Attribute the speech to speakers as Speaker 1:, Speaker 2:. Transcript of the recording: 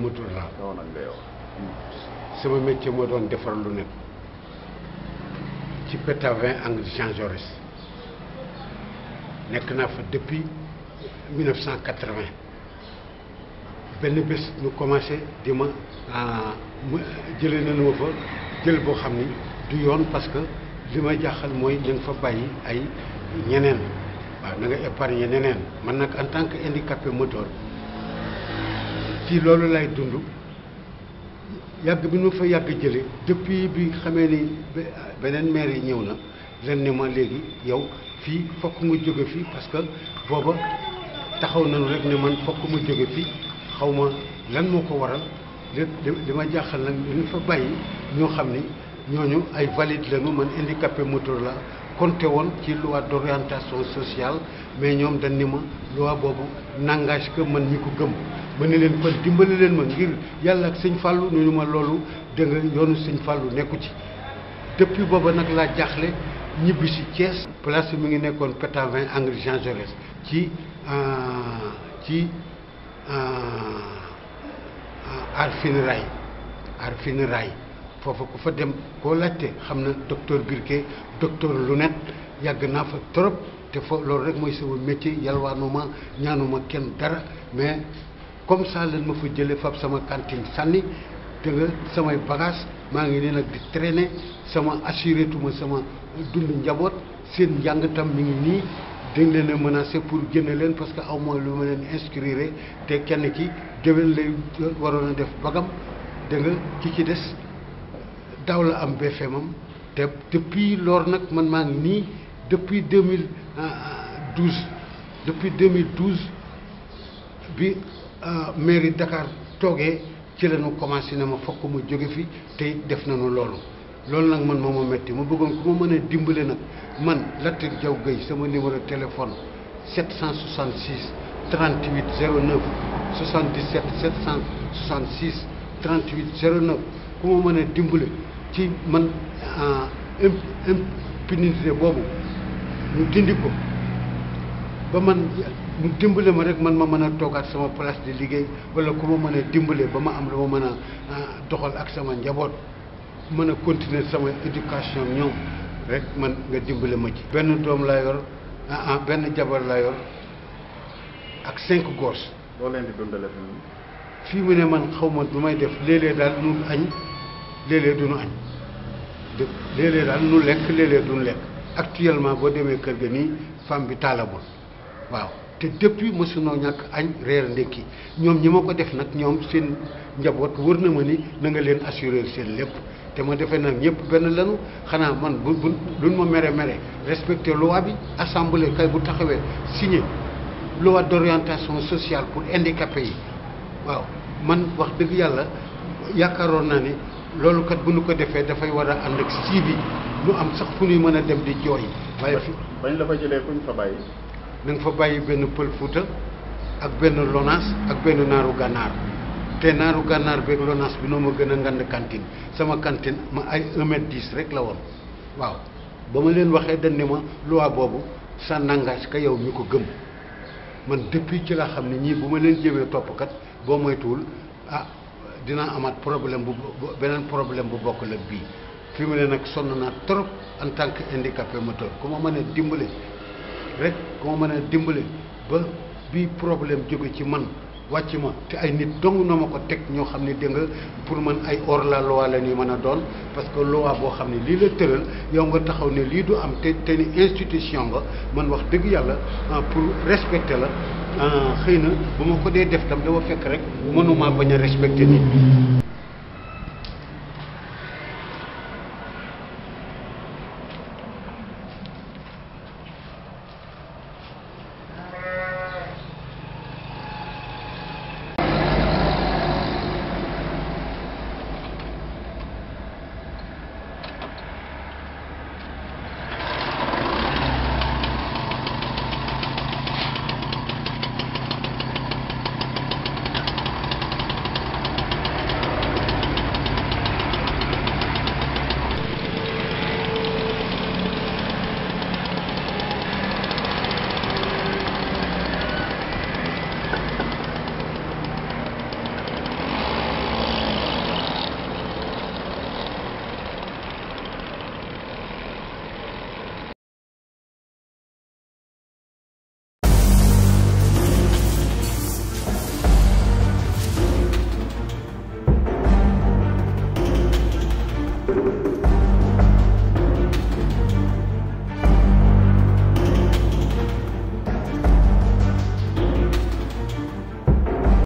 Speaker 1: motul laa. waaw sama métier moo doon defar lu nekk ci Pétavin angle Jean Jaurès nekk naa fa depuis 1980 benn bés ñu commencé di ma ah, jëlee nañu ma fa jël boo xam ni du yoon parce que li ma jaaxal mooy ñu fa bàyyi ay ñeneen waaw na nga épargner ñeneen man nag en tant que handicapé moteur. ci loolu lay dund yàgg bi nu fa yàgg jële depuis bi xamee ni beneen maire yi ñëw na ren ne ma léegi yow fii fokk nga jóge fii parce que booba taxaw nañu rek ne man fokk mu jóge fii xaw ma lan moo ko waral li li ma jaaxal nag dañu fa bàyyi ñoo xam ni ñooñu ay valide lañu man handicapé moteur la konte woon ci loi d'orientation sociale mais ñoom dañ ni ma loi boobu n'engage que man ñi ko gëm ma ni leen kon dimbali leen ma ngir yàlla ak sëñ Fallou nu ñu ma loolu da nga yoonu sëñ Fallou nekku ci depuis booba nag laa jaaxle ñibbi si Thiès. place bi mi ngi nekkoon Pétavin angle Jean ci euh, ci euh, Arfine Rail Arfine Rail foofu ku fa dem koo laajte xam na docteur Birké docteur Lunette yàgg naa fa trop te foofu loolu rek mooy sama métier ñaanu ma kenn dara mais comme ça leen ma fa jëlee fab sama cantine sànni te nga samay bagage maa ngi nii nag di traîner sama assuré sama dund njaboot seen njàng tam mi ngi nii dañ leen mën a menacé pour génne leen parce que aw mooy lu ma leen inscrire te kenn ki déwén lay waroon a def bagam dégg nga ki ci des daaw la am BFM am te depuis loolu nag man maa ngi nii depuis deux mille euh, euh, douze depuis deux mille douze bi euh, mairie Dakar toogee ci la ñu commencé na ma fokk ma jóge fi tey def nañu loolu loolu nag man moo ma metti ma bëggoon ku ma mën a dimbale nag man Latir Diaw Guèye sama numéro téléphone 766 38 09 77 766 38 09 ku ma mën a dimbale ci man ah, impunité boobu ñu dindi ko ba man mu dimbale ma rek man ma mën a toogaat sama place di liggéey wala ku ma mën a dimbale ba ma am lu ma mën a ah, doxal ak sama njaboot mën a continuer sama éducation ñëw rek man nga dimbale ma ci. benn doom laa yor ah, ah benn jabar laa yor ak cinq gos. loo leen di dundale mu ne man xaw ma du may def léeg-léeg daal ñu añ. léeg-léeg duñu añ de léeg-léeg daal nu lekk léeg-léeg duñu lekk actuellement boo demee kër ga nii femme bi taalagul waaw te depuis mosunoo ñàkk añ reer ndékki ñoom ñi ma ko def nag ñoom seen njaboot wër na ma ni na nga leen assurer seen lépp te ma defee nag ñëpp benn lanu xanaa man bu bu luñ ma mere mere respecter loi bi assemblée kay bu taxawee signé loi d'orientation sociale pour handicapés yi waaw man wax dëgg yàlla yaakaaroon naa ni loolu kat bu nu ko defee dafay war a ànd ak bi lu am sax fu ñuy mën a dem di jooy. waaye fi bañ la fa jëlee kuñ fa bàyyi. na fa bàyyi benn pël fuuta ak benn lonaas ak benn naaru gànnaar te naaru gànnaar beeg lonaas bi noo ma gën a ngand cantine sama cantine ma ay 1 mètre 10 rek la woon waaw ba ma leen waxee dañ ne ma loi boobu ça n'engage que yow mi ko gëm man depuis ci la xam ne ñii bu ma leen jëmee toppkat boo moytuwul a ah, dina amaat problème bu beneen problème bu bokk la bii fi mu ne nag sonn naat trop en tant que handicapé moteur ku ma mën a dimbale rek ku ma mën a dimbale ba bii problème jóge ci man wàcc ma te ay nit dong na ma ko teg ñoo xam ne dégg nga pour man ay hors la loi la ñuy mën a doon parce que loi boo xam ne lii la tëral yow nga taxaw ne lii du am te te ni institution nga man wax dëgg yàlla ah, pour respecter la ah, xëy na bu ma ko dee def tam dafa fekk rek mënuma bañ a respecter nit Thank you.